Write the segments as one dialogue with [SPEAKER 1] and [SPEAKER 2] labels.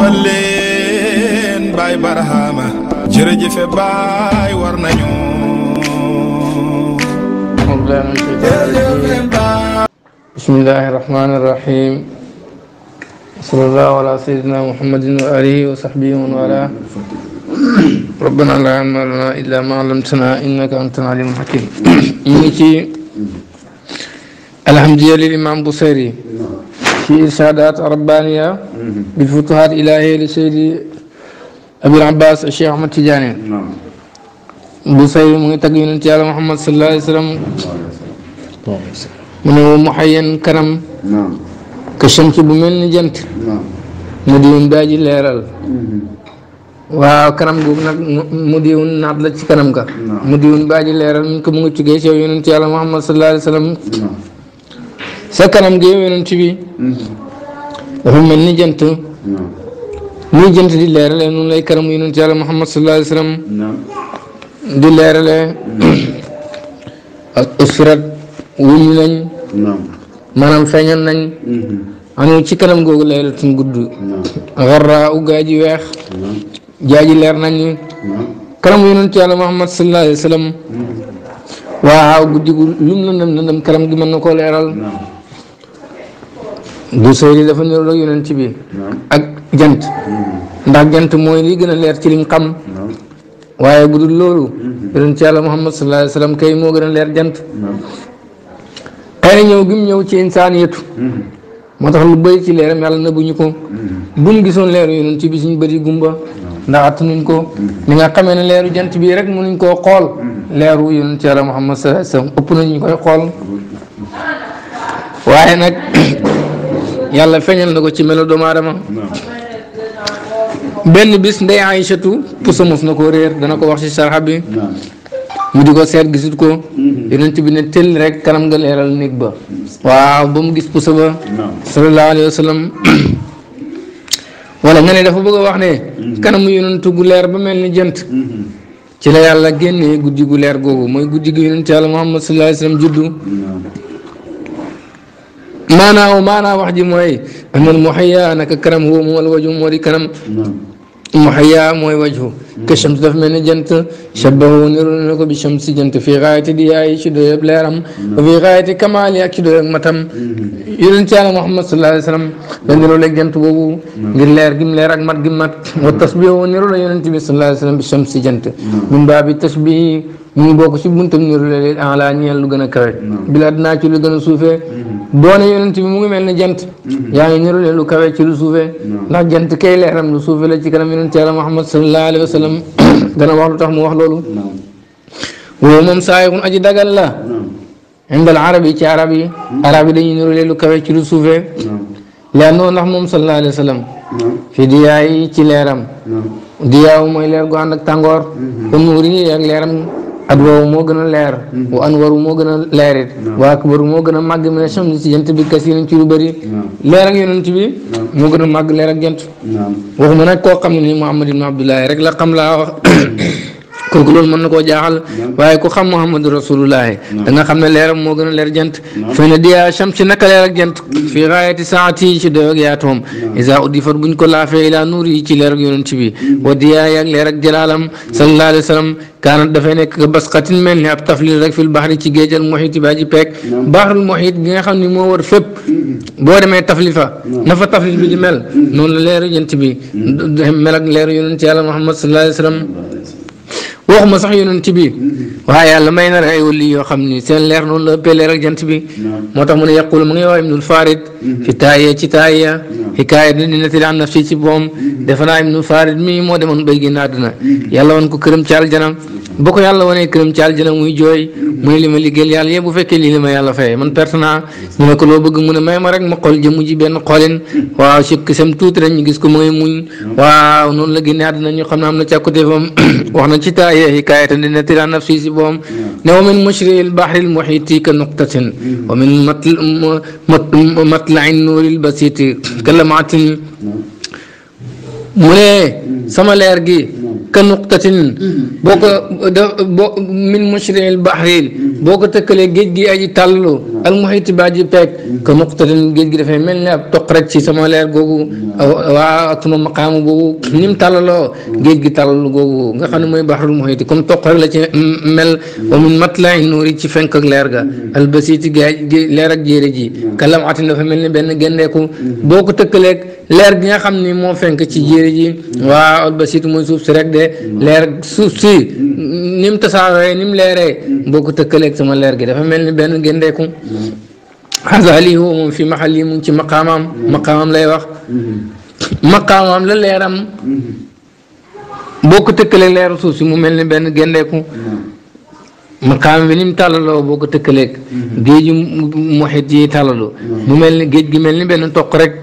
[SPEAKER 1] man leen baay barahama jërëjëfe baay war nañu bismillahi rahmani rahim sallallahu ala sayyidina muhammadin wa alihi wa sahbihi wa man wala rabbana la ilma lana illa ma allamtana innaka anta alimul hakim ñu ngi ci alhamdulilah lil imam Busayri في إرشادات ربانية بالفتوحات الإلهية لسيد أبي العباس الشيخ أحمد تجاني نعم بوسيل من تقين على محمد صلى الله عليه وسلم من هو محيا كرم نعم كشمس بمن جنت نعم مدين باجي ليرال وكرم kanam مدين nag كرمك مدين باجي la ci kanam ga mu diwun على محمد صلى الله عليه وسلم نعم sa kanam gi yonent bi dafa mel ni jant ni jant di leerale noonu lay kanam yonent yàlla Muhammad sallallahu alayhi wa sallam di leerale ak usrat nañ maanaam feñan nañ
[SPEAKER 2] mm-hmm.
[SPEAKER 1] anu ci kanam googu laylatun gudd xarraa u gaa ji weex jaaji leer nañ kanam yonent yàlla Muhammad sallallahu alayhi wa sallam mm-hmm. guddi gu lum lëndëm lëndëm kanam gi mën na koo leeral du sëy dafa yu ak ci bi ak jant ndax jant mooy li gën a leer ci liñ xam waaye bu dul loolu mhm. yonent yàlla muhammad sallallahu alayhi wa sallam kay moo gën a leer jant xëy na ñëw gim ñëw ci insaaniyatu mhm. moo tax lu bëri ci leeram yàlla nëbbuñu ko
[SPEAKER 2] mhm.
[SPEAKER 1] buñ gisoon leeru ci bi ñu bëri gumba ndax attanuñ ko ni nga xamee ne leeru jant bii rek mënuñ koo xool leeru yonent yàlla muhammad sallallahu alayhi wa sallam ëpp nañ ñu koy xool waaye nag yàlla feeñal na ko ci melo doomu aadama benn bis ndey Aysatu puso mos na koo réer dana ko wax si sarxa bi mu di ko seet gisut ko yonent bi ne tëll rek kanam nga leeral néeg ba waaw ba mu gis puso ba sallallahu alayhi wa sallam wala nga ne dafa bëgg wax ne kanamu yonent gu leer ba mel ni jant ci la yàlla génnee guddi gu leer googu mooy guddi gu yonent yàlla Muhammad sallallahu alayhi juddu maanaam maanaam wax ji mooy amal muhayya naka kanam woo moom al waju moo di kanam muhayya mooy waju ka shams dafa mel ni jant shabahu niru na ko bi shams jant fii xaayati di yaay ci doyab leeram wa fii xaayati kamaal ak ci doyab matam yonent yàlla Muhammad sallallahu alayhi wa sallam da niru leeg jant boobu ngir leer gim leer ak mat gim mat wa tasbihu niru la yonent bi sallallahu alayhi wa sallam bi shams jant min baabi tasbihi ñu ngi bokk ci buntam niru la leen en la lu gën a kawe bila dinaa ci lu gën a suufee mm-hmm. doone yonent bi mu ngi mel ne jant mm-hmm. yaa ngi niru leen lu kawe ci lu suufee ndax jant kay leeram lu suufee la ci kanam yonent yàlla wa wax lu tax mu wax loolu woowu moom saayixun aji dagal la indal arab yi ci arab yi mm-hmm. arab yi dañuy niru leen lu kawe ci lu moom sallallahu alayhi wa sallam fi diyaay ci leeram diyaaw mooy leer gu ànd ak tàngoor kon nuuri ak leeram adwaaw moo gën a leer mm-hmm. wa anwaru moo gën a leerit wa akbaru moo gën a màgg mi ne si jant bi kas yi nañ ci lu bëri leer ak yonent bi moo gën a màgg leer ak jant mën a koo xam ne nii Muhammad ibn Abdullahi rek la xam laa wax mm-hmm. kooku loolu mën na koo jaaxal waaye ku xam muhammadu rasulullahi da nga xam ne leeram moo gën a leer jant fe na diyaa cham si naka leer ak jant mm. fii raayati saati ci doyog yaatoom isa uddifat buñ ko laafee ilaa nuur yi ci leer ak yonent bi mm. wa diyaa yaag leer ak jalaalam mm. sallallahu alayhi wa sallam kaanat dafay nekk basqatin mel ni ab taflil rek fil baxri ci géejal muhit ba ji peek baxrul muhit bi nga xam ni moo war fépp boo demee tafli waxuma sax yonent bi mm-hmm. waaye yàlla may na ay wali yoo xam ni seen leer noonu la ëppee leer ak jant bi moo tax mu ne yaqul mu ngi wax ibnul farid mm-hmm. fi taaya ci taaya xikaaya dina nettali an nafsi ci boom mm-hmm. defe naa ibnul farid mi moo demoon béy génn àdduna yàlla woon ko këram ci aljanam boko yàlla woné kërëm ci aljana muy joy muy ne li ma liggéeyal yàlla yëpp bu féké li ma yàlla fay man persona ñu ko lo bëgg mëna may ma rek ma xol jëm ji benn xolin waaw ci sam tout rek ñu gis ko moy muñ waaw non la gi àddina ñu xamna am na càkkuteefam wax ci taayee hikaayatan di nettali nafsi ci bom ne wamin mushril bahril muhiti ka nuqtatin wa min matl matlain nuril basiti kalamaatin mu ne sama leer gi كنقطة بوك من مشرع البحرين بوك تكل جيت جي اجي تالو المحيط باجي بيك كنقطة جيت جي فهم من لاب تقرأ شيء سمالة جوجو واتنو مقام جوجو نيم تالو جيت جي تالو جوجو غخانو مي بحر المحيط كم تقرأ لك مل ومن مطلع النور يجي فين كغلارجا البسيط جي لارج جي رجي كلام عتنا فهم من بين جنة كو بوك تكل لارج يا خم نيمو فين كشي جي رجي وابسيط مزوب سرق rek de leer suuf si ni mu tasaaroo ni mu leeree boo ko tëkkaleeg sama leer gi dafa mel ni benn géndeeku xasali huwa moom fi maxal yi mu ngi ci maqaamaam maqaamaam lay wax la leeram boo ko tëkkaleeg leer suuf si mu mel ni benn géndeeku maqaam bi ni mu tàllaloo boo ko tëkkaleeg géeju muxit yi mu mel ni géej gi mel ni benn toq rek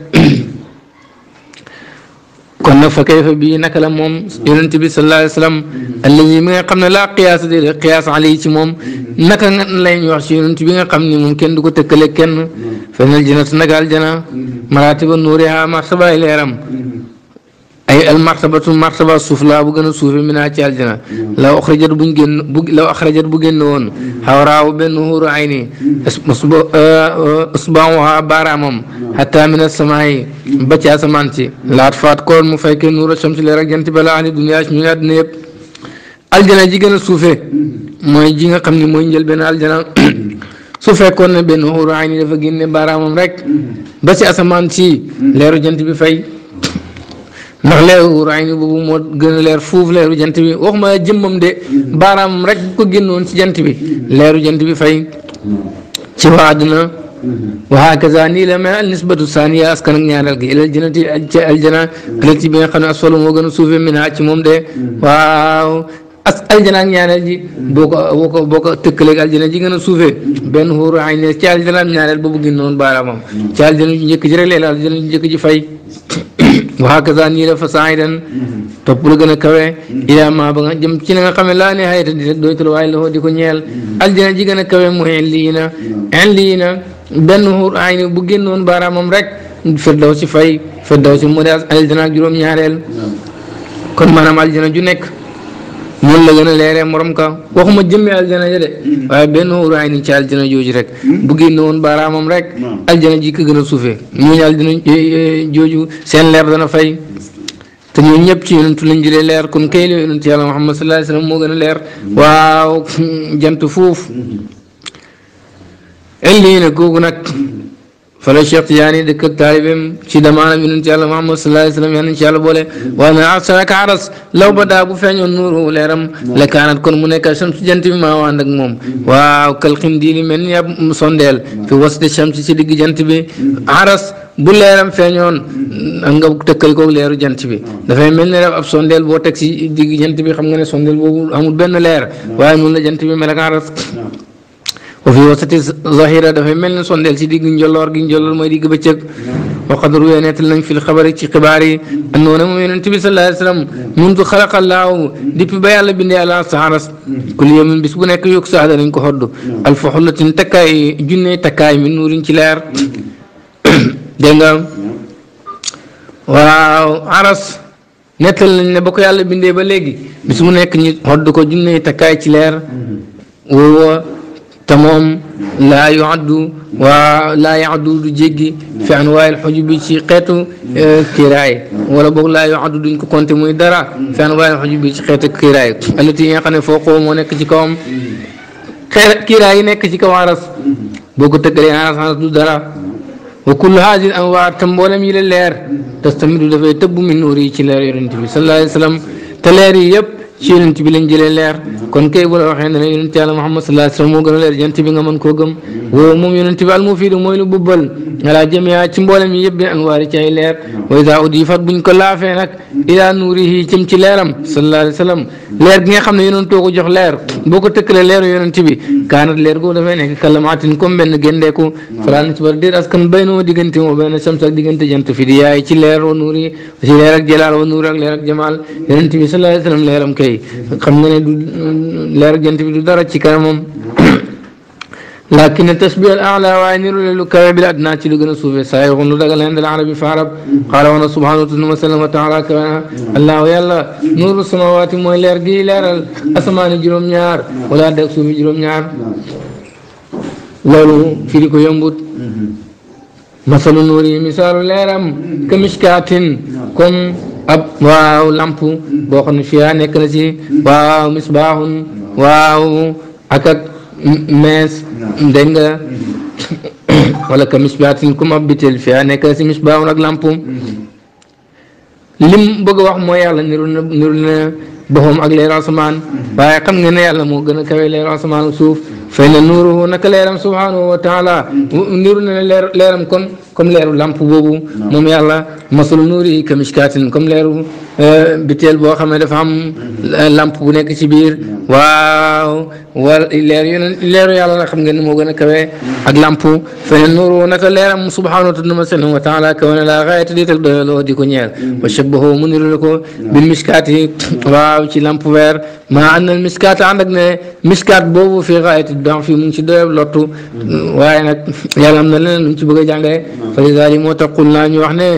[SPEAKER 1] كنا فكيف بي كلام موم يونت بي صلى الله عليه وسلم الذي ما قمنا لا قياس دي قياس عليه تي موم نكا لا يوخ سي يونت ممكن دوكو تكل كين فن الجنة نغال مراتب النور ها ما صبا ليرم ay al martabatu martaba suuf laa bu gën a suufee minaa ci aljana law axrajat buñ génn bu law axrajat bu génn woon xawraaw benn xuuru ay nii euh, usbaamuha baaraamam xataa min asamaay ba ci asamaan si laat faat koon mu fekkee nuura shamsi a ak jant balaa ani duniyaa si ñu àddina yëpp aljana ji gën a suufee mooy ji nga xam ni mooy njël benn aljana su fekkoon ne benn xuuru ay nii dafa génne baaraamam rek ba ci asamaan si leeru jant fay ndax leeru raay ni boobu moo gën a leer fuuf leeru jant bi waxuma jëmmam de baaraam rek bu ko génnoon ci jant bi leeru jant bi fay ci waa àdduna waxaa kaza nii la mel al nisbatu saaniya askan ak ñaareel gi ilal jannati ci aljana alati bi nga xam moo gën a suufee min ci moom de waaw as ak ñaareel ji boo ko boo ko boo ko tëkkaleeg a suufee benn xuuru ay ne ci aljana am ñaareel boobu gën noonu baaraamam ci aljana ju fa saidan topp la gën a ba nga jëm ci na nga xam ko ñeel aljana mu en na en lii na bu gën noonu baaraamam rek firdaw si fay firdaw si mu des aljana juróom ñaareel kon maanaam aljana ju nekk noonu la gën a leeree morom ka waxuma ma aljana ja de hmm. waaye benn wóoru ay ni ci aljana jooju rek hmm. bu génn woon baaraamam rek hmm. aljana jikk gën a suufee ñooñu eh, eh, jooju seen leer dana fay te ñëpp ci yonentu lañ leer kon kay la yonentu yàlla Muhammad moo gën a leer waaw jant foofu elli kooku nag fala Cheikh Tidiane dëkk ak taalibeem ci damaanam yonent yàlla Muhammad sallallahu alayhi wa sallam yal boole wa na asaraka aras law ba daa bu feeñoon nuuru leeram la kon mu nekk cham ci jant bi maa waa ànd ak moom waaw kal xindiili mel ni ab sondeel fi wasti cham ci digg jant bi aras bu leeram feeñoon nga tëkkal koog leeru jant bi dafay mel ne ab sondeel boo teg si digg jant bi xam nga ne sondeel boobu amul benn leer waaye noonu la jant bi mel ak aras fi wasati zahira dafay mel ni sondeel si digg njolloor gi njolloor mooy digg bëccëg waqad ruwiya nettal nañ fil xabari ci xibaar yi andoo na moom yonent bi sallallahu alayhi wa sallam muntu xalaqallaahu depuis ba yàlla bindee àla saharas kulli yawmin bis bu nekk yokk saa danañ ko xodd alfa xullatin takkaay junne takkaay mi nuuriñ ci leer dégg nga waaw aras nettal nañ ne ba ko yàlla bindee ba léegi bis mu nekk ñu xodd ko junne takkaay ci leer تمام لا يعد ولا يعد لجيجي في انواع الحجب شيقيتو كراي ولا بوك لا يعد دنك كونتي موي دارا في انواع الحجب شيقيتو كراي التي يقني فوقو مو نيك كوم كراي نيك سي عرس بوك تكري عرس عرس دارا وكل هذه الانواع تمبولم الى الليل تستمد دفاي من نوري تي لير صلى الله عليه وسلم تلاري يب ci yonent bi lañ jëlee leer kon kay bu la waxee ne yonent yàlla Muhammad sallallahu alayhi wasallam moo gën a leer yonent bi nga mën koo gëm woo moom yonent bi almufiidu mooy lu bubbal alaa jamiya ci mboolem yi yëpp bi anwaari ci ay leer wa iza udifat buñ ko laafee nag ilaa nuurihi cim ci leeram sallallahu alayhi leer gi nga xam ne yonentoo ko jox leer boo ko tëkkalee leeru yonent bi kaanat leer googu dafay nekk kalamaatin comme benn géndeeku falaan ci di yaay ci leer wa nuuri ci leer tey xam na ne du leer jant bi du dara ci kanamam lakin tasbih al ala waaye ni lu kawe bi la adnaa ci lu gën a suufee saa lu dagal leen dal arabi fa arab xaala woon subhanahu wa sallam wa taala kawana allahu yàlla nuuru samawaati leer gi leeral asamaani juróom-ñaar wala deg loolu firi yombut masalu nuuri misaalu leeram ka miskaatin comme ab waaw lamp boo xam ne fiyaa nekk na si waaw misbaaxun waaw ak ak mees dégg nga wala ka misbaatin comme ab bitel fiyaa nekk na ci misbaaxun ak lamp lim bëgg wax mooy yàlla niru na niru na ak leeru asamaan waaye xam nga ne yàlla moo gën a kawe leeru asamaan ak suuf fay na nuuruhu naka leeram subhanahu taala niru na leeram kon comme leeru lamp boobu moom yàlla masalu nuuri kamishkaatin comme leeru Euh, biteel boo xam ne dafa am lamp bu nekk ci biir waaw wala leer yeneen leeru yàlla la xam ngeen ne moo gën a kawe ak lamp feneen nuuru naka leeram subhaanahu tudd na ma seen wa taala kawe na laa xayata di tak doyaloo di ko ñeel wa shabahu mu niru ko bil miskaat yi waaw ci lamp weer maa ànd al miskaat ànd ak ne miskaat boobu fii xayati donc fii mu ngi ci doyab lottu waaye nag yàlla am na leneen lu ñu ci bëgg a jàngee fa li daal yi moo tax qul naa ñu wax ne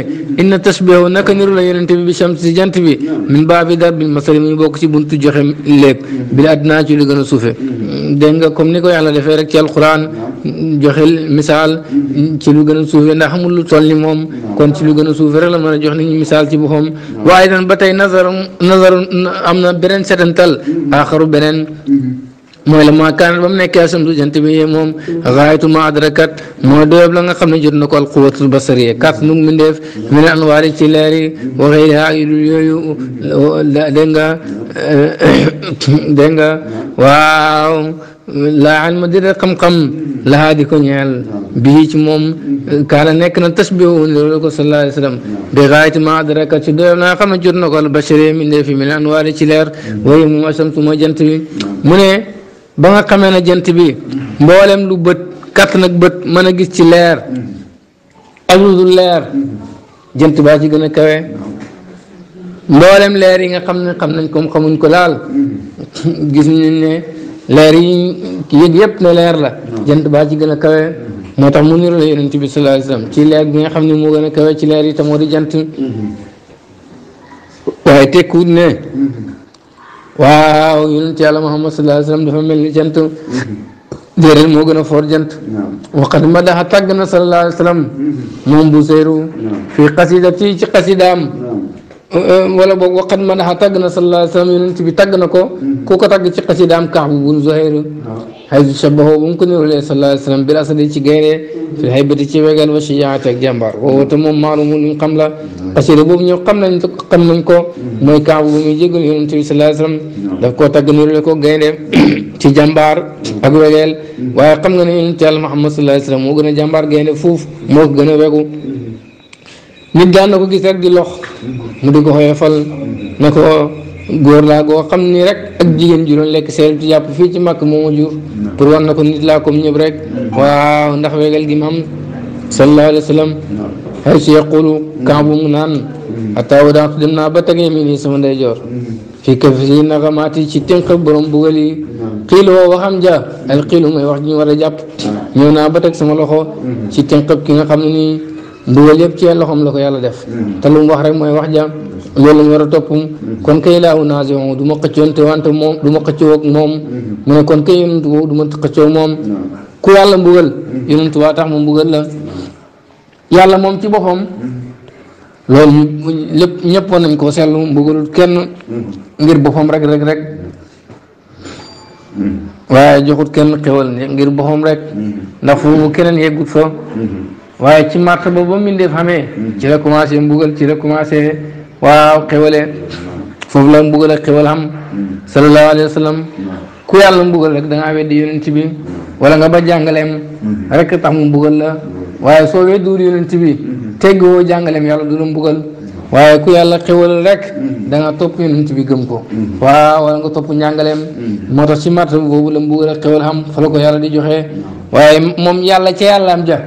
[SPEAKER 1] inna tasbihu naka niru la yonente bi bi shams si jant cant bi min baabi dar bil masali mu bokk ci buntu joxe léeg bi la addinaa ci lu gën a suufe dégg nga ni ko yàlla defee rek ci alquran joxe misaal ci lu gën a suufe lu toll ni moom kon ci lu gën a suufe rek la mën a jox nit ñi misaal ci boppam waaye dan ba tey nazar nazar am na beneen setantal aaxaru beneen mooy la maa kaanat ba mu nekkee asamtu jant bi yee moom xaayatu ma adrakat mooy doyob la nga xam ne jot na ko al quwatul basariya kat nu mu def min anwaari ci leer yi waxee yaa yu dul yooyu dégg nga dégg nga waaw laa xam ma dina xam-xam lahaa di ko ñeel bii ci moom kaana nekk na tasbihu loolu ko sallallahu alayhi wa sallam bi xaayati ma adraka ci doyam naa xam ne jot na ko al bashariya min defi min anwaari ci leer waaye moom asamtu mooy jant bi mu ne ba nga xamee ne jant bi mboolem lu bët kàttan ak bët mën a gis ci leer ak lu dul leer jant baa ci gën a kawe mboolem leer yi nga xam ne xam nañ ko xamuñ ko laal gis nañ ne leer yi yëg yëpp ne leer la jant baa ci gën a kawe moo tax mu niru la yonent bi sallallahu alayhi leer bi nga xam ne moo gën a kawe ci leer yi te moo di jant waaye tekkuut ne waaw yonent yàlla Muhammad sallallahu alayhi wasallam dafa mel ni jant mm-hmm. déedéet moo gën a foor jant waqad madaxa tàgg na sallallahu alayhi wasallam mm-hmm. moom bu séeru fii xasidati ci xasidaam wala boog waqad madaxa tàgg na sallallahu alayhi wasallam yonent bi tàgg na ko mm-hmm. ku ko tàgg ci xasidaam kaax bu bun zohayru xaysu shabaho ba mu ko nirolee sallallahu alayhi wa sallam bil asadi ci gaynde fi haybati ci wegal wa shijaati ak jàmbaar woowu te moom maalumu luñ xam la xasida boobu ñëw xam nañ xam nañ ko mooy kaabu bu muy jégal yonent bi sallallahu alayhi wa sallam daf koo tagg nirole ko gaynde ci jàmbaar ak wegeel waaye xam nga ne yonent yàlla Muhammad sallallahu alayhi wa sallam moo gën a jàmbaar gaynde fuuf moo ko gën a wegu nit daan na ko gis rek di lox mu di ko xoyofal na ko góor la go xamni rek ak jigen ju doon lekk seel ci jàpp fi ci mak mo mu jur pour won nako nit la comme rek mm-hmm. waaw ndax wegal gi mam sallallahu alayhi wasallam, hay
[SPEAKER 2] ay mm-hmm. mm-hmm. si
[SPEAKER 1] yaqulu kaabu nan naan ataawu daatu ba tegee mi ni sama jor fi ke fi gamati ci tenk borom bu gali xiil wa waxam ja al xiilu mu wax ñu wara japp ñew na naa ba teg sama loxo ci tenk ki nga xamni ne nii mbugal ci loxom la ko yalla def ta lu wax rek moy wax ja loolu la ñu war a topp kon kay laa naazion du ma xëccoon te wante moom du ma xëccoo ak moom mu ne kon kay yonent boobu du ma xëccoo moom ku yàlla mbugal yonent waa tax mu mbugal la yàlla moom ci boppam loolu lépp ñëppoon nañ koo seetlu mbugalul kenn ngir boppam rek rek rek waaye joxut kenn xewal ngir boppam rek ndax foofu keneen yeggut fa waaye ci martaba ba mbindeef xamee ci la commencé mbugal ci la commencé waaw xéwalee foofu la mbugal ak xéwal xam sallallahu alayhi wa sallam ku yàlla mbugal rek da ngaa weddi yonent bi wala nga ba jàngaleem rek tax mu mbugal la waaye soo weddiwul yonent bi teggiwoo jàngaleem yàlla du la mbugal waaye ku yàlla xéwal rek danga nga topp yonent bi gëm ko waaw wala nga topp njàngaleem moo tax si màtt boobu la mbugal la ko yàlla di joxe waaye moom yàlla ca yàlla am ja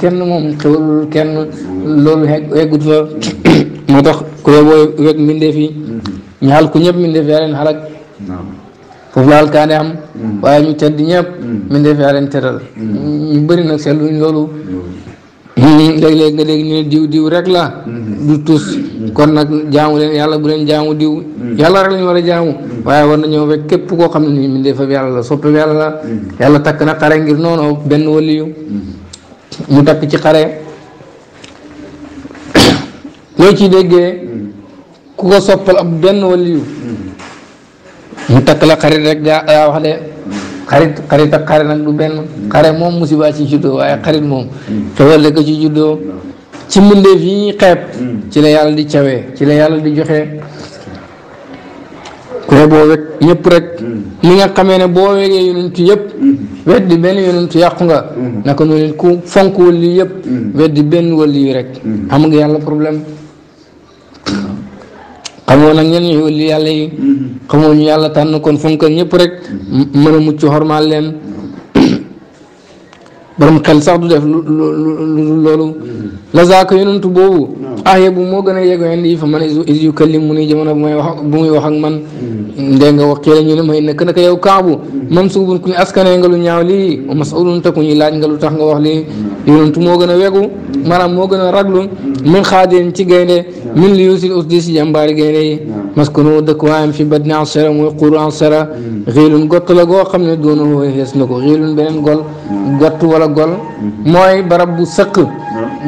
[SPEAKER 1] kenn moom xéwalul kenn loolu eggut fa moo tax ku yeboo weg mbindeef yi
[SPEAKER 2] mm-hmm.
[SPEAKER 1] ñu xal ku ñëpp mbindeef yaa leen xalak foofu la alkaane am
[SPEAKER 2] mm-hmm. waaye
[SPEAKER 1] ñu tedd ñëpp mm-hmm. mbindeef yaa leen teral ñu bëri nag seetluñ loolu léeg-léeg nga dégg ñu ne diw diw rek la du tus kon nag jaamu leen yàlla bu leen jaamu diw yàlla rek lañu war a jaamu waaye war nañoo fekk képp koo xam ne nii mbindeef ab yàlla la soppe yàlla yàlla takk na xare ngir noonu benn waliyu mu takk ci xare loo ci déggé hmm. ku ko soppal am ben waliyu ñu hmm. tak la xarit rek jaa yaa wax dé hmm. xarit xarit ak xarit nak du ben xare mom musiba ci jiddo waye xarit moom wala ko ci jiddo ci mbindeef fi xép ci la yalla di ciawé ci la yalla di joxé ku ne boo wek rek li nga xamé né bo wegee yonentu yépp wéddi ben yonentu yaq nga naka noonu ku fonku li yépp wéddi ben waliyu rek am nga yalla problème xamoo nag ñenn ñu wëlli yàlla yi mm-hmm. xamoo ñu yàlla tànn kon fonkal ñëpp rek mm-hmm. mën a mucc xormaal leen borom sax du def lu lu loolu mm-hmm. la zaaka yonentu boobu ah yebu moo gën a yegoo indi fa man is yukallim mu ni jamono bu may wax man dégg nga waxee la ñu ne may nekk naka yow kaabu moom suubun kuñ askanee nga lu ñaaw lii masulun te ku ñuy laaj nga lu tax nga wax lii yonentu moo gën a wegu maanaam moo gën a raglu min xaadin ci gaynde min li yusil usdi si jàmbaari gaynde yi maskunu dëkk waayam fi badni ansara mooy xuuru ansara mm. xiilun gott la xam ne doona woo xees na ko xiilun beneen gol gott wala gol mm-hmm. mooy barab bu sëq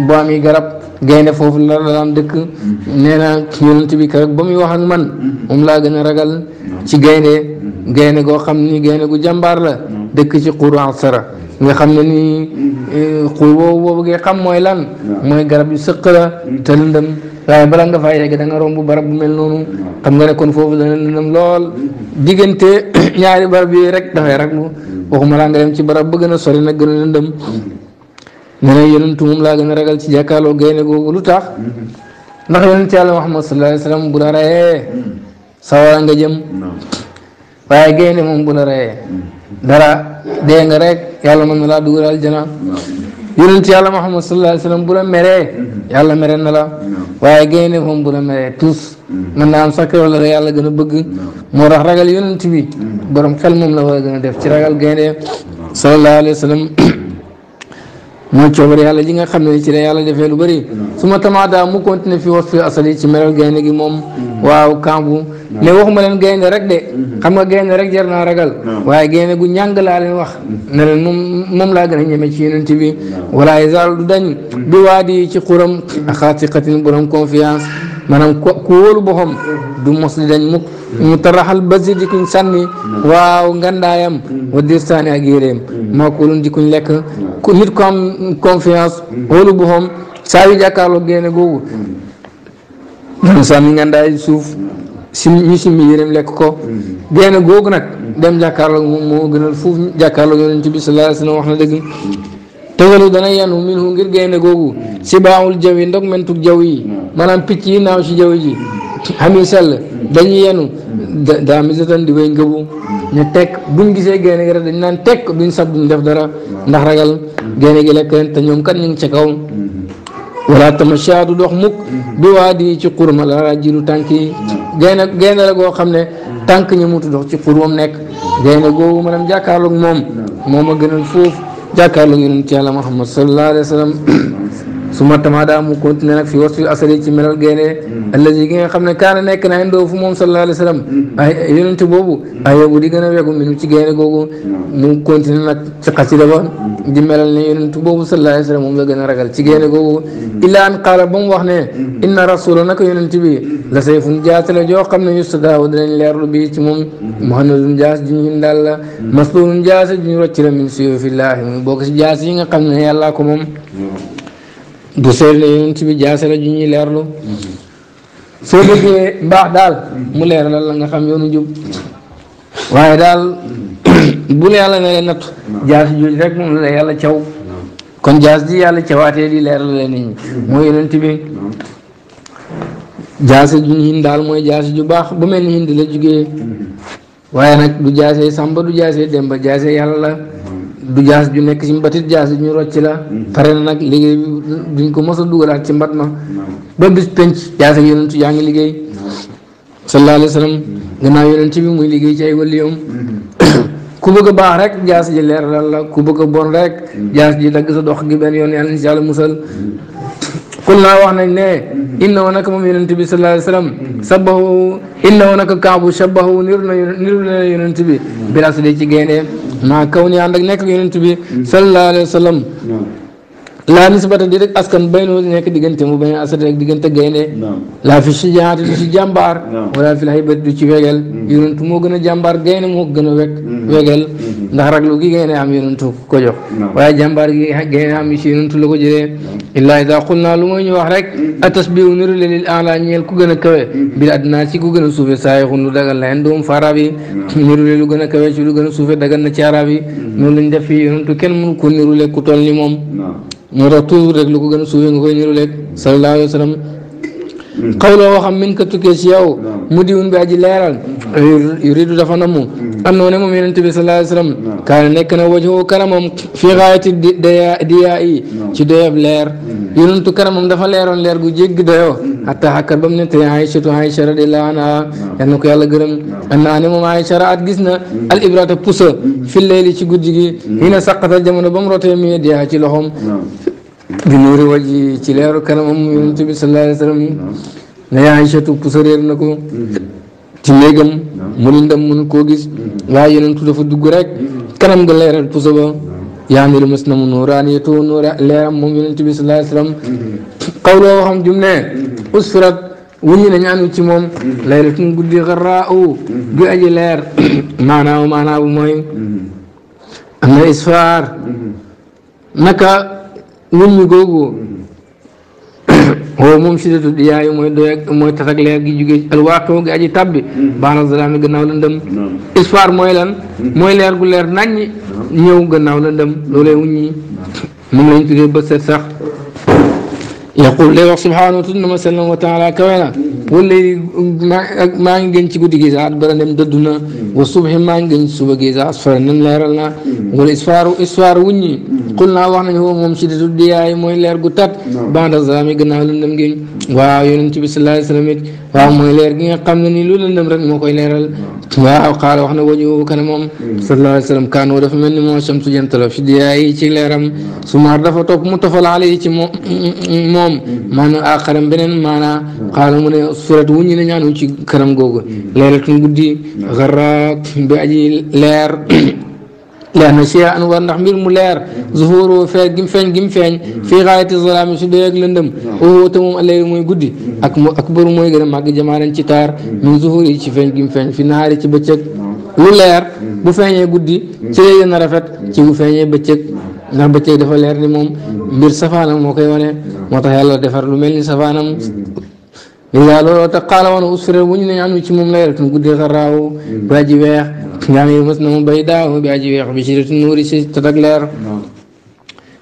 [SPEAKER 1] bu ami garab gaynde foofu la la dëkk
[SPEAKER 2] mm-hmm.
[SPEAKER 1] nee na yonent bi keroog ba muy wax ak man mm-hmm. moom laa gën a ragal mm-hmm. ci gaynde gaynde goo xam ni gaynde gu jàmbaar la dëkk ci xuuru ansara nga xam ne ni eh, xuur boobu boo xam mooy lan mooy garab yu sëq la te lëndëm waaye nga fay yegg da nga romb barab bu mel noonu xam nga ne kon foofu dana lëndëm lool diggante ñaari barab yi rek dafay raglu waxuma laa nga dem ci barab ba gën a sori nag gën a lëndëm ne ne yonentu moom laa gën a ragal ci jàkkaarloo gaynde googu lu tax ndax yonent yàlla Muhammad sallallahu alayhi wasallam bu la rayee sawara nga jëm waaye gaynde moom bu la rayee mm-hmm. dara dee nga rek yàlla mën na laa dugal aljana ti yàlla Muhammad sallallahu alayhi wasallam bu la meree mm-hmm. yàlla mere na la waaye gaynde moom bu la meree tous mm-hmm. mën naa am yàlla gën a bëgg moo tax ragal yonent bi borom xel moom la war a gën a def ci ragal mooy coobare yàlla ji nga xam ne ci la yàlla defee lu bëri mm. su ma tamaada mu continué fi wasfi asali ci melal gaynde gi moom mm. waaw kambu mm. ne waxuma leen gaynde rek de xam nga gaynde rek jar naa ragal waaye gaynde gu ñàng laa leen wax ne leen moom moom laa gën a ñeme ci yonent bi wala isal du dañ bi waa di ci xuram xaatiqatin borom confiance maanaam ku wóolu boppam du mos di dañ mukk mu taraxal basi di kuñ sànni waaw ngandaayam wa dirtaani ak yéréem maa ko wóolun di lekk nit ko am confiance wóolu boppam saa yu jàkkaarloo génne googu dana sànni ngandaay suuf si ñu si mi lekk ko génne googu nag dem jàkkaarloo moo gënal fuuf jàkkaarloo yonent ci sallallahu alayhi wa sallam wax na dëgg tëgalu dana yenu minhu ngir gaynde googu si baaxul jaw yi ndog mentug jaw yi maanaam picc yi naaw si jaw ji xam yi sell dañu yenu daa mi satan di wéy ngëbu ñu tekk buñ gisee gaynde gi rek dañ naan tekk duñ sab duñ def dara ndax ragal gaynde gi lekk te ñoom kat ñu ngi ca kaw wala tamasha du dox mukk bi waa di ci xurma la jilu tànk yi gaynde gaynde la goo xam ne tànk ñu mutu dox ci xurmam nekk gaynde googu maanaam jàkkaarloog moom moom a gënal foofu جاك الله ينتهي على محمد صلى الله عليه وسلم su ma tamaada mu continué nag fi wasfil asali ci melal gaynde mm. allazi gi nga xam ne kaana nekk na indoo fu moom sallallahu alayhi wa sallam mm. ay yonente boobu mm. ay yobu di gën a wegu minu ci gaynde googu mu continué nag ci xasida ba di melal ne yonente boobu sallallahu alayhi wa sallam moom la gën a ragal ci gaynde googu illa an kaala ba mu wax ne inna rasula naka yonente bi la sayfun jaatale joo xam ne yustadaaw dinañ leerlu bi ci moom muhammadun jaas ju ñu daal la maslulun jaas ju ñu rocc la min suyufillahi bokk si jaas yi nga xam ne yàllaa ko moom bu seet la yonent bi jaase la ju ñuy leerlu soo bëggee baax daal mu leer la la nga xam yoonu jub waaye daal bu la yàlla ne nattu jaas la yàlla caw jaas ji yàlla cawaatee di leer la nit ñi mooy ju ñu daal mooy jaas ju baax bu mel ni hind la jugee waaye nag du jaase sàmba du jaase demba jaase yàlla la du jaas ju nekk ci mbatit jaas ju ñu rocc la mhm. pare na nag liggéey duñ ko mos a dugalaat ci mbat ma ba bis penc jaas ak yonent yaa ngi liggéey sallallahu alayhi wa sallam mhm. gannaaw yonent liggéey ci ay mhm. bëgg baax rek jaas ji leer la ku bëgg a bon rek jaas sa dox gi benn yoon naa wax nañ ne inna naka moom yonent bi sa alayhi wa sallam sabahu inna wa naka kaabu sabahu niru na niru na yonent bi bilaas de ci génnee maa kaw ni ànd ak nekk ak yonent bi sallallahu alayhi wa sallam laa nisbata di rek askan baynoo di nekk diggante mu bañ asad rek diggante gaynde laa fi sijaati du ci jàmbaar wala fi laxibat du ci wegel hmm. yonentu moo gën a jàmbaar gaynde moo gën a wek hmm. wegel hmm. ndax raglu gi gaynde am yonentu ko jox waaye jàmbaar gi gaynde am ci yonentu la ko jëlee illaa ida qul naa lu mooy ñu wax rek a tasbihu niru le lil ala ñeel ku gën a kawe bil adnaa ci ku gën a suufe saa yi xundu dagal na en doom fa gën a kawe ci lu gën a suufe dagal na ci arab yi noonu lañ def fii kenn mënu ko niru le ku toll ni moom moo tax toujours rek lu ko gën a suufee nga koy niru rek sallallahu alayhi wa sallam
[SPEAKER 2] hmm.
[SPEAKER 1] xawloo waxam min ka tukkee si yow hmm. mu diwun bi aji leeral hmm. yuridu dafa namu annoo ne moom yonente bi sallallahu alayhi wasallam kaana nekk na wajhu karamam fii gaayati diyaa yi ci doyob leer yonentu karamam dafa leeroon leer gu jéggi dayoo hatta hakkat ba mu ne te Aïchatu Aïcha radiyallahu anha yal na ko yàlla gërëm annaa ne moom Aïcha at gis na al ibrata pousa fi leyli ci guddi gi hina saqatal jamono ba mu rotee mi diyaa ci loxoom bi nuuri waji ci leeru kanamam yonente bi sallallahu alayhi wasallam ne Aïchatu pousa réer na ko ci néegam mu lëndëm mënu koo gis waaye yonentu dafa dugg rekk kanam nga leeral puso ba yaa ngi lu mës na mu nuuraaniyatu leeram moom yonent bi sallallahu alayhi wa sallam xawloo waxam jum ne usfirat wuñu nañ anu ci moom laylatun guddi xarraa u du aji leer maanaaw maanaa bu mooy am na isfaar naka wuñu googu waaw moom si datu diyaayu mooy doy mooy tas ak leer gi jugee alwaatoo gi aji tabbi mm-hmm. baax na salaam gannaaw lëndëm mm-hmm. histoire mooy lan mm-hmm. mooy leer gu leer naññi ñëw gannaaw lëndëm loolee wuñ ñi moom lañ tuddee ba set sax yaqul day wax subhaanahu na ma sellam wa taala kawe na maa ngi gën ci guddi gi sax bara dem dëddu na wa subhi maa ngi gën suba gi sax asfara nem leeral na wu isfaaru qul naa wax nañu moom si di yaay mooy leer gu tat banda zami gannaaw lëndëm waaw yonent bi sallallahu alayhi wa sallam it waaw mooy leer gi nga xam ni nii lu lëndëm rek moo koy leeral waaw xaala wax na waju kana moom sallallahu alayhi wa sallam kaanoo dafa mel ni moo samsu jant la fi diyaay ci leeram su maar dafa topp mu tofal ala yi ci moom moom maanaam aqaram beneen maanaa xaala mu ne wu wuññi na ñaanu ci kanam googu leeratun guddi xarra bi aji leer leer na si an ndax mbir mu leer zuhuru feeñ gim feeñ gim feeñ fii xaayati zalaami su dee ak lëndëm woo te moom allayli mooy guddi ak mu ak mooy gën a màgg jamaanan ci taar min hmm. zuhur yi ci feeñ gim feeñ fi nahaari ci bëccëg hmm. lu leer hmm. bu feeñee guddi ci rafet ci bu feeñee bëccëg ndax bëccëg dafa leer ni moom mbir safaanam moo koy wane moo tax yàlla defar lu mel ni safaanam li daal looloo tax xaala woon usfira bu ñu ne ñu ci moom laylatun guddi xaraaw waa ji weex yaa ngi mos na mu bay daaw bi aji weex bi si nuuri si tatak leer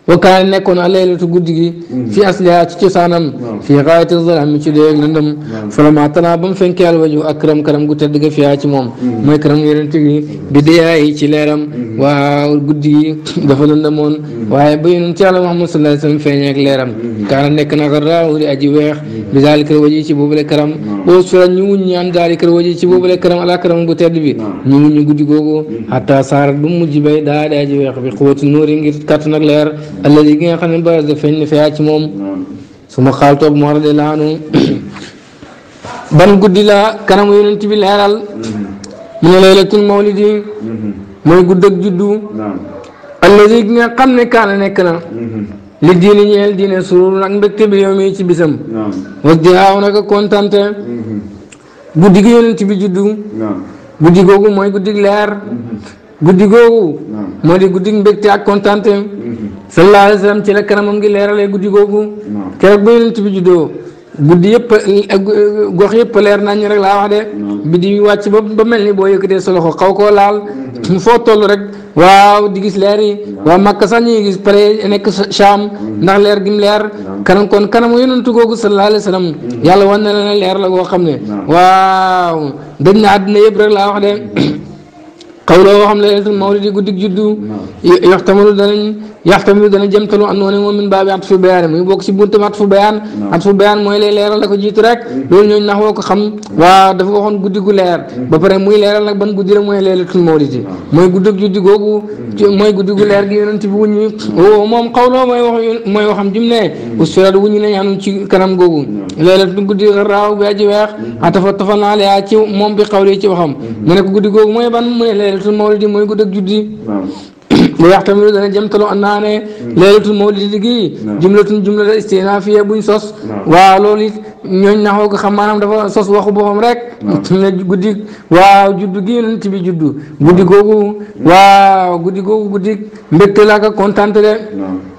[SPEAKER 1] wakkaane nekkoon alleylatu guddi gi mm-hmm. fi asliha ci cosaanam a xaayati zalami ci dee ak lëndëm a tanaa ba mu fenkee alwaju ak këram këram gu tedd ga ci moom mm-hmm. mooy këram yonent bi bi deeyaay ci leeram mm-hmm. waaw guddi gi dafa lëndëmoon waaye ba yonent yàlla Muhammad sallallahu alayhi wasallam feeñee ak leeram kaana nekk na xaraaw di aji weex bi daal kër waji ci boobule këram boo sura wu wuñ ñaan daal kër waji ci boobule këram ala këram gu tedd bi ñu wuñ ñu guddi googu xataa saarat ba mu mujj bay daa di aji weex bi xóotu alladi gi nga xam ne baras da feeñ ne feyaa ci moom su ma xaal toog mu warade laanu ban guddi la kanamu yonent bi leeral mu ne laylatul mawlidi mooy gudd ak juddu alladi gi nga xam ne kaana nekk na li diini ñeel diine surur ak mbégte bi yow mii ci bisam was di aaw naka juddu guddi googu mooy guddi leer guddi googu moo di guddi mbégte ak kontante sallallahu alayhi wa sallam ci la kanamam ngi leeralee guddi googu keroog ba yonent bi juddoo guddi yëpp gox yëpp leer nañ rek laa wax de bi di wàcc ba ba mel ni boo yëkkatee sa loxo xaw koo laal mm-hmm. foo toll rek waaw di gis leer yi waaw Makka sax ñuy gis pare nekk Sham mm-hmm. ndax leer gi mu leer kanam kon kanamu yonentu googu sallallahu alayhi wa sallam mm-hmm. yàlla wan na la leer la goo xam ne waaw dañ na àddina yëpp rek laa wax de xawloo woo xam ne laylatul mawlidi guddig juddu yoxtamalu danañ yaxtamilu dana jëmtalu andoo ne moom min baabi atfu bayaan muy bokk si buntam atfu bayaan atfu bayaan mooy lay leeral la ko jiit rek mm-hmm. loolu ñooñu nax woo ko xam mm-hmm. waa dafa waxoon guddi gu leer mm-hmm. ba pare muy leeral nag ban guddi la mooy leelatul mawlidi mooy guddig juddi mooy guddi gu leer gi yonent bi wuññi o oh, moom xawloo mooy wax mooy waxam jim ne usturat wuññi nañ anum ci kanam googu leelatul guddi raaw bi aji weex atafa tafanaa laa ci moom bi xawli ci waxam mu ne ko guddi googu mooy ban mu ne leelatul mawlidi mooy guddig mu yaxtamilu dana jëmtalu an naa ne mm. leelatul mawlidi gi jumlatun jumla la istinaafiya buñ sos waa loolu it ñooñ naxoo xam maanaam dafa sos waxu boppam rek ne guddi waaw juddu gi yonent bi juddu guddi googu mm. waaw guddi googu guddi mbégte la ak de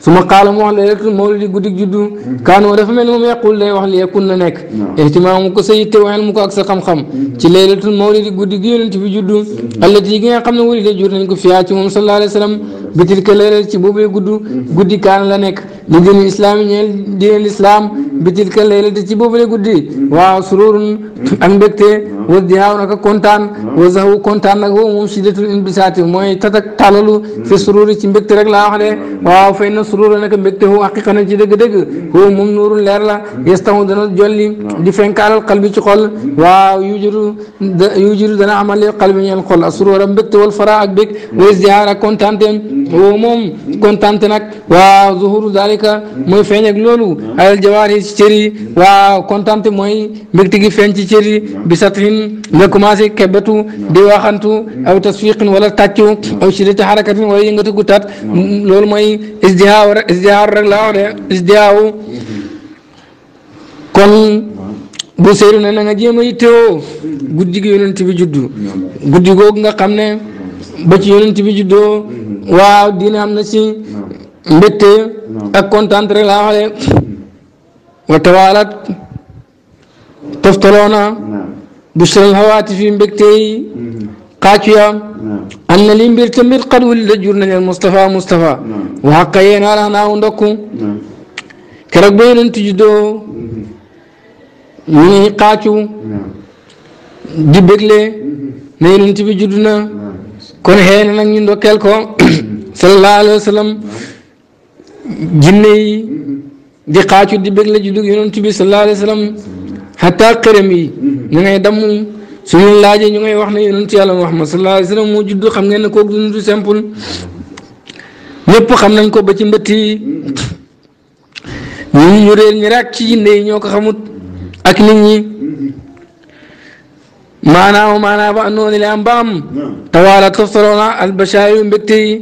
[SPEAKER 1] su ma xaala mu wax laylatul mawlidi guddig juddu mhm. kaanoo dafa mel ni moom yàqul wax li yekkul na nekk ihtimaamu ko sa yitte waxel mu ko ak sa xam-xam mhm. ci laylatul mawlidi guddig gi yonent bi juddu mhm. allati gi nga xam ne wulide jur nañ ko fiyaa ci moom sa alayhi wa sallam bi tilka layla ci boobee gudd guddi kaan la nekk li dinu islaam yi ñeel diine lislaam bi tilka laylati ci boobale guddi waaw sururun ak mbégte wa diyaaw ak kontaan wa zahu kontaan nag woo moom siddatul inbisaati mooy tatak tàllalu fi sururi ci mbégte rek laa wax de waaw fay na surura nag mbégte woo na ci dëgg-dëgg woo moom nuurun leer la yestahu dana jolli di fenk fenkaalal xal bi ci xol waaw yujiru yujiru dana amale xal bi ñeel xol a surura mbégte wal fara ak bég wa isdihaar ak kontaante woo moom kontaante nag waaw zuhuru daalik zalika mooy feeñ ak loolu alal jawaar yi ci cër mooy mbégte gi feeñ ci cër bi satrin nga commencé kebetu di waxantu aw tasfiqin wala tàccu aw shiddati harakatin wala yëngatu gu tat loolu mooy isdihaaw rek isdihaaw rek laa kon bu seeru ne na nga jéem a yittewoo guddi gi yonent bi juddu guddi googu nga xam ne ba ci yonent bi juddoo waaw diine mbégte ak kontaan rek laa waxale wa tawaalat toftaloona busral hawaati fi mbégte yi mm-hmm. xaacu ya am na li mbir te mbir wa xaqa yéena la naaw keroog ba yonent juddoo mm-hmm. ñu ngi xaacu di bégle mm-hmm. ne yonent bi judd kon xëy nag ñu ndokkeel ko sallallahu alayhi jinne yi di xaacu di bëgg la juddug yonent bi sallallahu alayhi wa sallam xataa këram yi ñu ngay damm suñu laajee ñu ngay wax ne yonent yàlla Muhammad sallallahu alayhi wa sallam moo judd xam ngeen ne kooku du nit simple xam nañ ko ba ci mbëtt yi ñu ñu réer ci jinne yi ñoo ko xamut ak nit ñi. maanaam maanaam ba àndoon li am ba am tawaala toftaloona albashaayu mbégte yi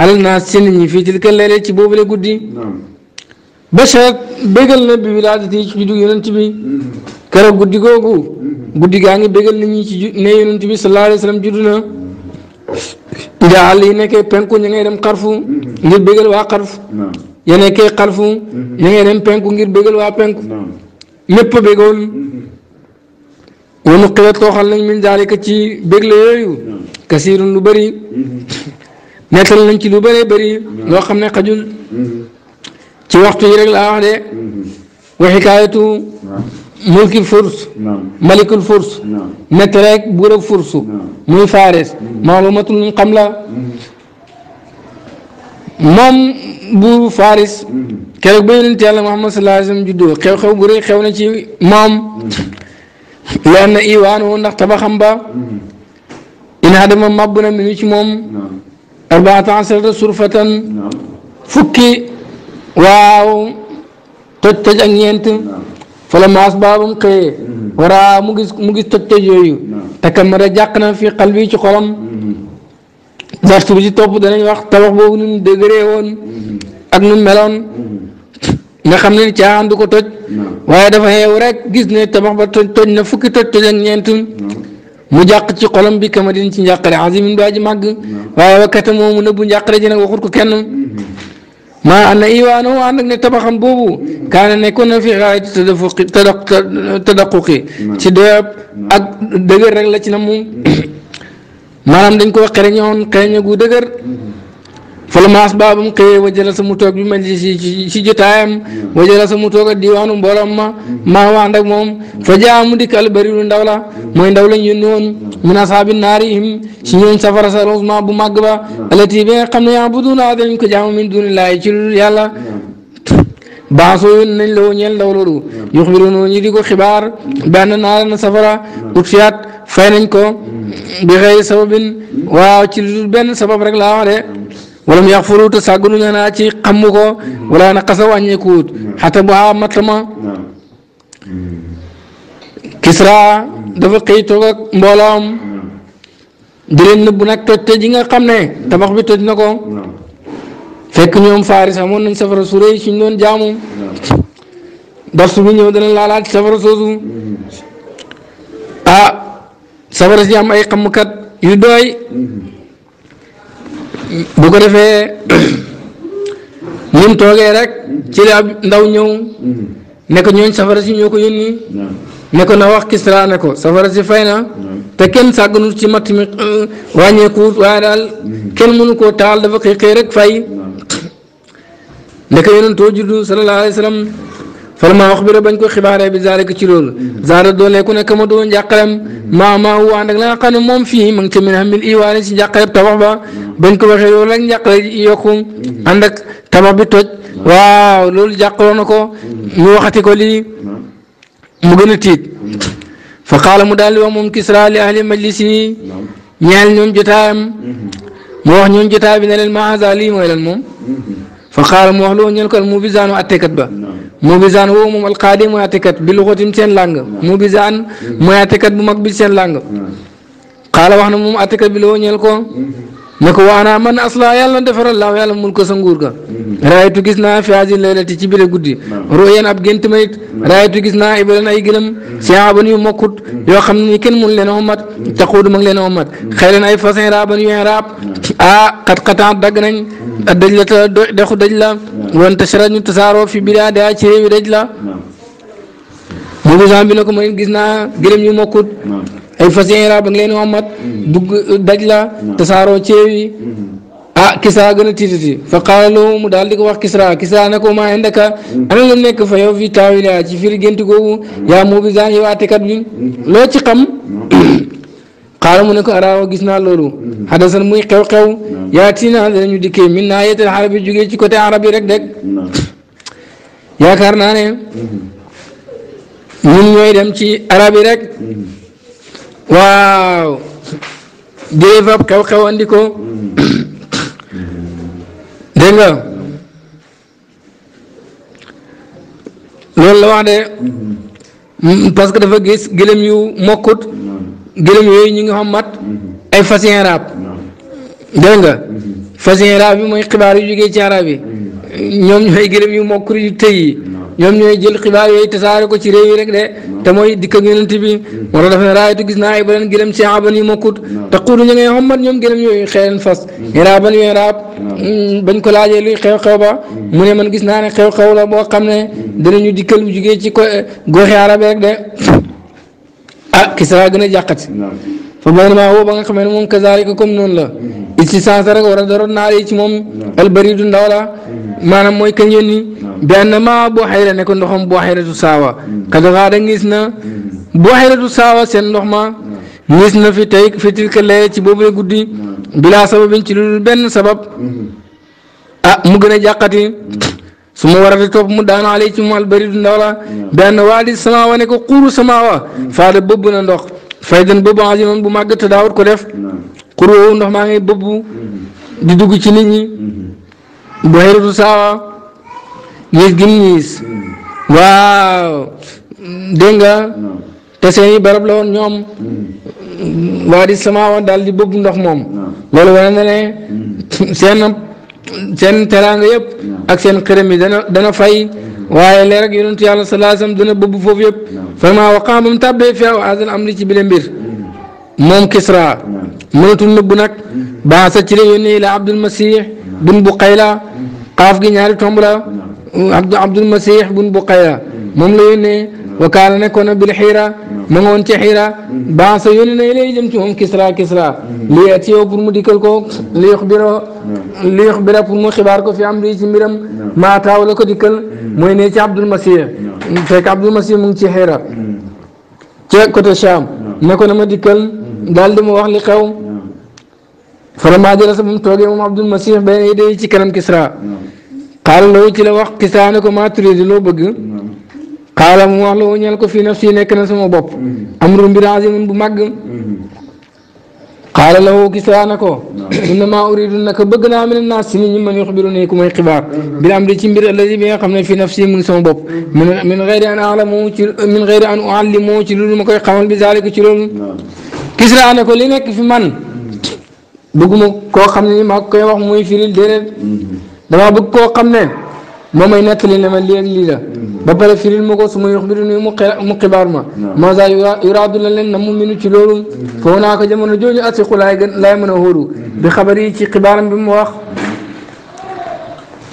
[SPEAKER 1] alal naas ci nit ñi fii tilka leele ci boobule guddi bashar bégal na wilaadati ci juddu yonent bi keroog guddi googu guddi gaa ngi bégal nit ñi ci ne yonent bi sallallahu alayhi wa sallam juddu na jaal yi nekkee penku ña ngay dem xarfu ngir bégal waa xarfu ya nekkee xarfu ña ngay penku ngir bégal waa penku ñëpp a wa nuqilat tooxal nañ min ka ci bégle yooyu kasirun lu bëri nettal nañ ci lu bëree bëri loo xam ne xajul ci waxtu yi rek laa wax de wa xikaayatu mulki furs malikul furs nett rek buur muy faaris maalumatul luñ xam la moom buuru faaris keroog ba yonent yàlla Muhammad sallallahu alayhi wa sallam juddoo xew-xew bu ci moom leen iwaan woon ndax tabaxam ba mm-hmm. inaa dama màbb na minu ci moom arbaata asrata surfatan fukki waaw toj toj ak ñeent fala maas baabam xëyee mm-hmm. waraa mu gis mu gis toj toj yooyu takamara jàq na fi xal bi ci xolam mm-hmm. dartu bi ci topp danañ wax tabax boobu nu mu dëgëree woon ak nu nga xam ne caaxaan du ko toj waaye dafa xeew rek gis ne tabax ba toj toj na fukki toj toj ak ñeent mu jàq ci xolam bi kama din ci njàqare azimin daaji màgg waaye wakkate moomu nëbbu njàqare ji nag waxut ko kenn mm-hmm. maa ana iwaanoo ànd ne tabaxam boobu mm-hmm. kaana nekkoon na fi xaayati tadafuqi tadaquqi mm-hmm. ci doyab ak dëgër rek la ci na moom maanaam dañ ko xereñoon xereñe gu dëgër falma asbaabam xëyee wajala sa mu toog bi ma ci ci jotaayam wajala sa mu toog ak diwaanu mbooloom ma maa wànd ak moom fa jaa mu dikk albariru ndaw la mooy ndaw lañ yónni woon min asaabi naari him si ñooñ safara sa rosement bu màgg ba alati bi nga xam ne yaa bu dunaa dañ ko jaamu min dunilaayi ci lul yàlla baasoo yónni nañ la woo ñeel ndaw loolu yuxbiroon ñi di ko xibaar benn naara na safara utiyaat fay nañ ko bi xëy sababin waaw ci lul benn sabab rek laa wax de wala mu yàq furuut sàgganu ñu naa ci xamu ko mm-hmm. wala na xasa wàññeeku wut mm-hmm. xata bu aa mat ma
[SPEAKER 2] mm-hmm.
[SPEAKER 1] Kisra dafa xëy toog ak mbooloom di leen nag toj tëj yi nga xam ne tabax bi toj na ko fekk ñoom Faris amoon nañ safara su rëy suñ doon jaamu darsu bi ñëw dana laalaat safara soosu ah safara si am ay xamukat yu doy. bu ko defee ñun toogee rek ci la ndaw ñëw nekk ko ñooñ safara si ñoo ko yónni ne na wax kis Kisra ne ko safara si fay na te kenn sàgganut ci matt mi euh, wàññeeku waaye daal kenn mënu koo taal dafa xëy rek fay ne ko yonentoo juddu sallallahu alayhi wa falma wax bi rek bañ ko xibaaree bi zaalika ci loolu zaara doolee ku nekk ma doon njàqalem maa maa wu ànd ak la moom fii ma ngi ca min xamil iwaani si njàqaleb tabax ba bañ ko waxee loolu rek njàqale yokku ànd ak bi toj waaw loolu jàqaloo na ko mu ko lii mu gën a tiit fa qaala mu daal di wax moom kisra li ahli majlis yi ñeel ñoom jotaayam mu wax ñoom jotaay bi ne leen maa haza lii mooy fa qaala mu wax loolu ñeen ko al mu bisaanu attekat ba mubisaan woowu moom alqaadi mooy àttekat bi luxatim seen làng mubisaan mooy àttekat bu mag bi seen làng xaala hmm. wax na moom àttekat bi la ñeel ko hmm. ne ko waanaa man asla yàlla defaral laaw yàlla mun ko sa nguur ga mm-hmm. raaytu gis naa fi asin laylati ci bile guddi ruyan ab gént ma it mm-hmm. raaytu gis naa ibalan ay gëlëm mm-hmm. siyaaban yu mokkut yoo xam ni kenn mun leen a omat taxuudu mag leen a omat xëylan ay fasin raaban yu en raab ah xat-xataan dagg nañ daj la ta dexu daj la wan tasara ñu fi bidaa daa ci réewi daj la moom bi ne ko ma gis naa gëlëm yu mokkut ay fas yéene laa leen omat dugg daj la mm-hmm. tasaaroo ceewi mm-hmm. ah Kisra tiitati fa qaala lahu mu daal di ko wax Kisra Kisra ne ko maa mm-hmm. nekk fa yow fii taawila ci firi gént googu yaa mu bisaan yow àttekat bi loo ci xam qaala mu ne ko araawa gis naa loolu xadasan muy xew-xew yaa tiina danañu dikkee min naa yeetal arab yi jógee ci côté arab yi rek rek yaakaar naa ne ñun ñooy dem ci arab yi rek waaw jëlee fab xew-xew andi ko mm-hmm. loolu la wax de mm-hmm. parce que dafa gis gëlëm yu mokkut mm-hmm. gëlëm yooyu ñu ngi xam mat ay fasien raab dégg nga fasien raab yi mooy xibaar yu jógee ci arab yi ñoom ñooy gëlëm yu mokkut yu tëy yi ñoom ñooy jël xibaar yooyu tasaare ko ci réew rek de te mooy dikk ak yonent bi wala dafa ne raayatu gis naa ay baleen gëlëm ci aban yu mokkut te xuudu ñu ngay xommat ñoom gëlëm yooyu xeelen fas iraaban yu iraab bañ ko laajee luy xew-xew ba mu ne man gis naa ne xew-xew la boo xam ne dana ñu dikkal bu jugee ci ko eh, goxi arab rek de ah Kisra gën a jàqat fa baynamaa huwa ba nga xam ne moom kazaalika comme noonu la istisaasa rek war a doroon naa ci moom albaridu ndaw la mm-hmm. maanaam mooy kañ yónni benn ma boo xayra ne ko ndoxam boo xayratu saawa mm-hmm. kada xaada ngis na mm-hmm. boo xayratu saawa seen ndox ma ngis na fi tey fi tilka lee ci boobu guddi bilaa sababin ci lu benn sabab ah mu gën a jàqati suma ma war topp mu daana ale ci moom albaridu ndaw la benn waa di samaawa ne ko xuuru samaawa faada bëbb na ndox faydan bëbb aziman bu màgg te daawut ko def xur ndox maa ngi bëbb di dugg ci nit ñi boxeerutu saawa gis gim ñiis waaw dégg nga te seeni barab la woon ñoom waa di samaawa daal di bëbb ndox moom loolu wane na ne seen seen teraanga yëpp ak seen xërëm yi dana dana fay waaye leer ak yonentu yàlla salaasam dana bëbb foofu yëpp vraiment waqaam ba mu tàbbee fi aw aadal am li ci mbir moom Kisra mënatul nëbbu nag baasa ci la yónnee la Abdul Masih bun Buqayla xaaf gi ñaari tomb la Abdul Abdul Masih bun Buqayla moom la yónnee wakaana nekkoon na bil xiira ma nga woon ca xiira baasa yónnee na lay jëm ci moom Kisra Kisra lii at yow mu dikkal ko li yuxbira li mu xibaar ko fi am lii ci mbiram la ko dikkal mooy ne ci Abdul Masih fekk ci xiira ca côté Cham ne ko na ma dikkal. daal di ma wax li xew vraiment jëla sa moom toogee moom Abdul Masih benn yi day ci kanam Kisra xaala loolu ci la wax Kisra ne ko maa turidi loo bëgg xaala mu wax la ñeel ko fii naf si nekk na sama bopp amru mbir azimun bu màgg xaala lahu Kisra na ko innama uridu naka bëgg naa mel naa si nit ñi man yuxbiru ne ku may xibaar bi am di ci mbir allazi bi nga xam ne fii naf si mu ngi sama bopp min min xayri an aalamu ci min xayri an uallimu ci loolu ma koy xamal bi zalika ci loolu Kisra ne ko li nekk fi man bëgguma koo xam ne ni maa koy wax muy firil déedéet damaa koo xam ne moo may nettali ne ma lii ak ba pare firil ma ko su ma yox bi du mu xibaar ma masa yuraadu la leen na mu minu ci loolu mm-hmm. foo naa ko jamono jooju asiqu laay gën laay mën a hóoru bi mm-hmm. xabar yi ci xibaaram bi mu wax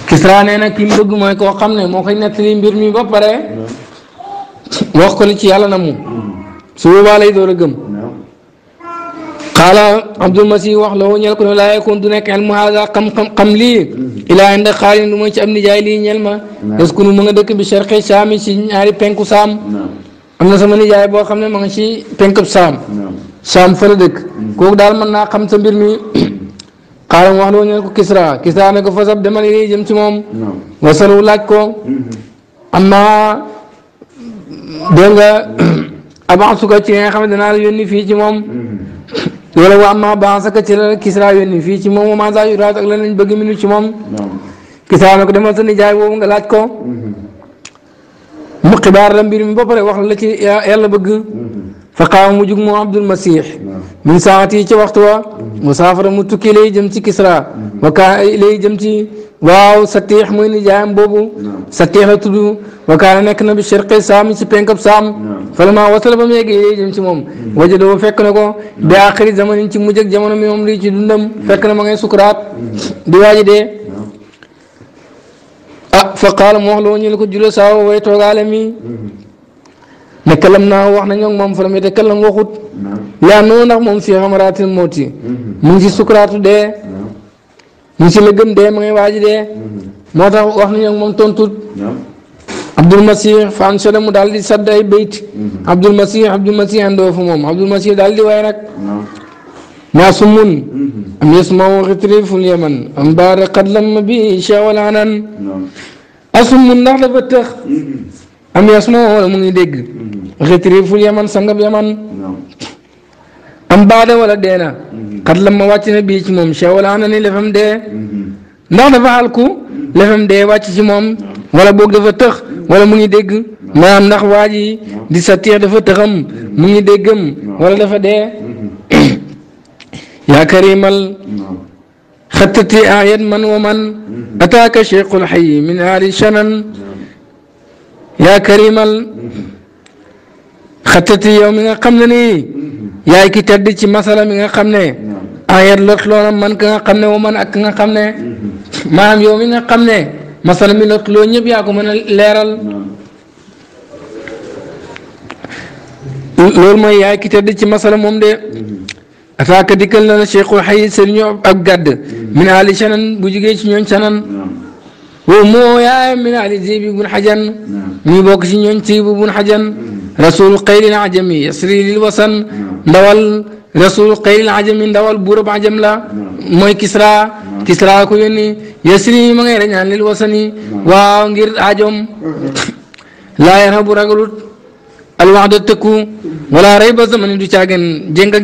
[SPEAKER 1] Kisra nee na ki mu koo xam ne moo koy nettali mbir mi ba pare mm-hmm. wax ko li ci yàlla na mu su boobaa lay door a gëm xaala Abdul Masih wax la woo ko ne laa yekkoon du nekk elmu haada xam xaalin lu mooy ci am nijaay lii ñeel ma yaskunu ma nga dëkk bi sharqi saami si ñaari penku saam am na sama nijaay boo xam ne ma nga ci penkub saam saam fa la mm-hmm. kooku daal mën naa xam sa mbir mi xaala mu wax la woo ko Kisra Kisra ne ko fasab demal yi jëm ci moom wasalu laaj ko mm-hmm. amma dégg nga mm-hmm. ci nga xam ne fii ci moom wala wa amma baasaka ci la Kisra yónni fii ci moom ma za yuraat ak lan lañ bëgg minu ci moom. Kisra na ko demal sa nijaay boobu nga laaj ko. Mm-hmm. mu xibaar la mbir mi ba wax la ci yàlla bëgg. Mm-hmm. fa qaama mu jug moo abdul masih min saati ci waxtu wa musaafara mu tukki lay jëm ci kisra wa kaa lay jëm ci waaw satix mooy boobu satix la tudd wa kaa nekk na bi sharqi saam ci penkab saam falamaa wasala ba mu yeggee lay jëm ci moom wajadoo fekk na ko bi axiri zamanin ci mujj ak jamono mi moom lii ci dundam fekk na sukuraat di waaji dee ah fa loo ñu ko julo saaw way toogaale mi ne kalam naa wax nañu ak moom fa la muy te kalam waxut laa noo moom fii xamaraatil mawti mm-hmm. mu ngi ci sukuraatu dee mu ngi ci lëggëm dee ma ngay mm-hmm. moo tax wax nañu ak moom tontut Abdul Masih fan sole mu daal di sadd ay bayt mm-hmm. Abdul Masih Abdul Masih andoo fa moom Abdul Masih daal di way nag naa sumun am yasmaw xitriful yaman am baara qad lam bi shawal anan asumun ndax dafa tëx am yasmoo wala mu ngi dégg retriful yaman sangab yaman am baada wala deena xat la ma wàcc na bii ci moom cheikh wala ana ni lefam dee ndax dafa xalku lefam dee wàcc ci moom wala boog dafa tëx wala mu ngi dégg maanaam ndax waa ji di sa teex dafa tëxam mu ngi déggam wala dafa dee yaa karimal xattati ayat man wa man ataaka cheikhul xayi min aali chanan yaa karimal xattati yow mi nga xam ne yaay ki tedd ci masala mi nga xam ne ayat lot loona man ka nga xam ne wa man ak ka nga xam ne maanaam yow mi nga xam ne masala mi lot loo ñëpp yaa ko mën a leeral loolu mooy yaay ki tedd ci masala moom de ataaka dikkal na la cheikhul xayi sëriñu ab gàdd min ali sanan bu jugee ci ñooñ sanan waaw moo yaayam min ahli zibi bun xajan mi bokk ci ñooñ tiibu bun xajan rasul xayril ajami yasri lil wasan ndawal rasul xayril ajami ndawal buurab ajam la mooy kisra kisra yasri ma ngay rañaan lil wasani waaw ngir ajom laa yarhabu ragalut alwaxda tëkku wala rayba zamani du caagen jéng ak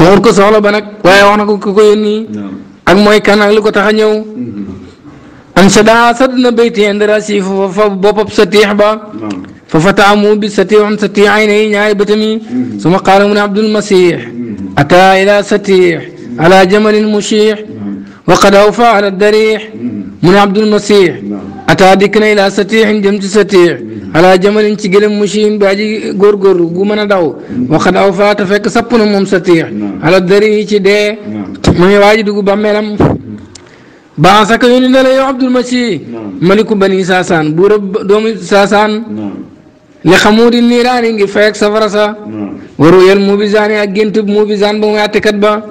[SPEAKER 1] مور كو سولو بنك واي وانا كو كو يني اك موي كان اغلو كو تخا نيو ان سدا سد نبيتي اند راسي فف بوب سطيح با ففتعمو بسطيح سطيعين ناي بتمي ثم قال من عبد المسيح اتى الى سطيح على جمل مشيح وقد اوفى على الدريح mu ne abdul masih ataa dikk na ilaa satiixin jëm ci satiix alaa jamalin ci gëlëm mushin bi aji góorgóorlu gu mën a daw waxat aw faata fekk sapp na moom satiix ala dari ci dee mu ngi waaji dugg bàmmeelam ba saka yónni na la yow abdul masih maliku bani saasaan bu rëbb doomu saasaan li xamuudi niiraani ngir fay ak safara sa waru yel mubisaani ak gént mubisan ba muy àttekat ba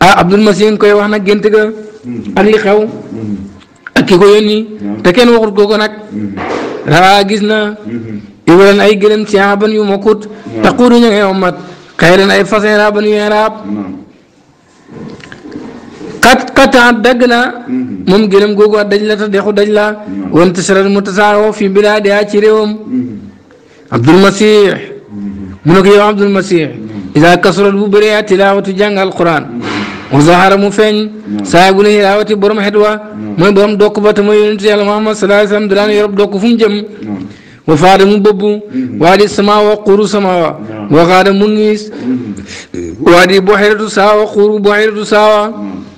[SPEAKER 1] ah abdul masih koy wax nag gént ak li xew ak ki ko yónni te kenn waxut kooku nag raa gis na iwalan ay gëlëm ci aban yu mokkut taqudu ñu ngay omat xayran ay fasin raban yu raab kat kat dagg na moom gëlëm googu daj la te dexu daj la wan tasaral mu tasaaroo fi bilaadi yaa ci réewam abdul masih mu ne yow abdul masih ida kasurat bu bëree tilaawatu jàng ma zahara mu feeñ mm. saahibu la hilaawati borom xet wa mm. mooy borom dokk ba te mooy yonentu yàlla muhammad sallallahu alayhi wasallam da daan yorob dokk fu mu mm. wa faada mu bëbb mm-hmm. waa di sama wa wa waxaada mu niis
[SPEAKER 2] mm-hmm.
[SPEAKER 1] waa di saawa quuru boxiratu saawa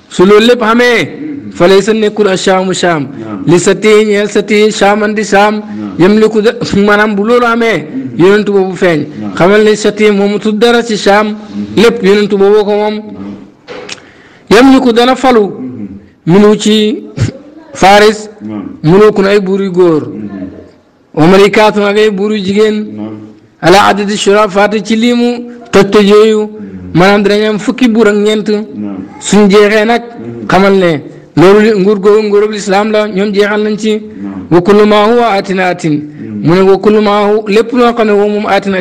[SPEAKER 1] su loolu lépp xamee falay sa nekkul a shaamu shaam li sa téye ñeel sa téye shaaman di shaam yem li ku maanaam bu loolu amee mm-hmm. yonentu boobu feeñ xamal sa téye moomu tudd dara ci shaam lépp yonentu boobu ko moom yam ñu ko dana falu mm-hmm. munu ci faris mm-hmm. mulukun ay buur yu góor wa mm-hmm. malikaatun ak ay buur yu jigéen ala adadi shurafaati ci liimu toj tojooyu maanaam dinañ fukki buur ak ñeent suñ jeexee nag xamal ne loolu nguur googu nguurub lislaam la ñoom jeexal nañ ci wa kullu maa huwa atina atin mu ne wa kullu maa huwa lépp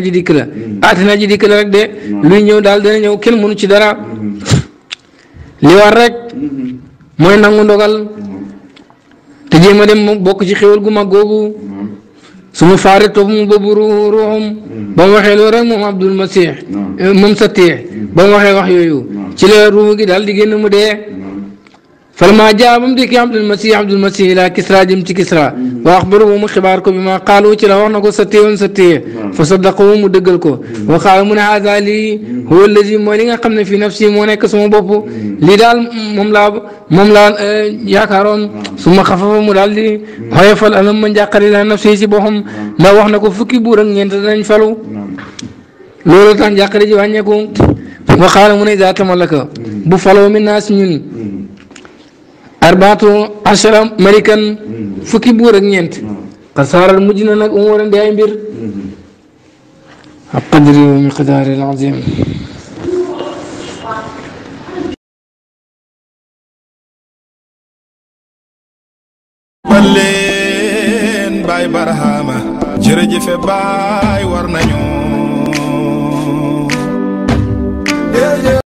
[SPEAKER 1] ji dikk la atina de luy ñëw daal dana ñëw kenn mënu ci dara li war mhm. mooy nangu ndogal mhm. te jéem a dem bokk ci xéwal gu mag googu mhm. su ma faaree topp mu boobu ruuxum ba mu waxee loolu rek moom Abdul Masih eh, moom Satih ba mu waxee wax yooyu ci la ruux gi daal génn mu dee. فلما جاء ديك عبد المسيح عبد المسيح الى كسرى جمت كسرى واخبروه من خباركم بما قالوا تي لا ستي ونستي ستي نعم. فصدقوه مدغل نعم. وقال من هذا لي هو الذي مو ليغا في نفسي مو نيك سما لدال مملا مملا موم لا آه، ياكارون نعم. ثم خفف مدالي دال لي من جاقر الى نفسي سي بوهم لا wax nako fukki buur ak ñent جاقر جوانيكو loolu من jàqare ji wàññeeku waxaala mu ne zaata arbaatu ashara malikan fukki ak ñeent xasaaral mujj na nag umuran di ay mbir ak qadri al azim balleen baay barahama jërëjëfe baay war nañu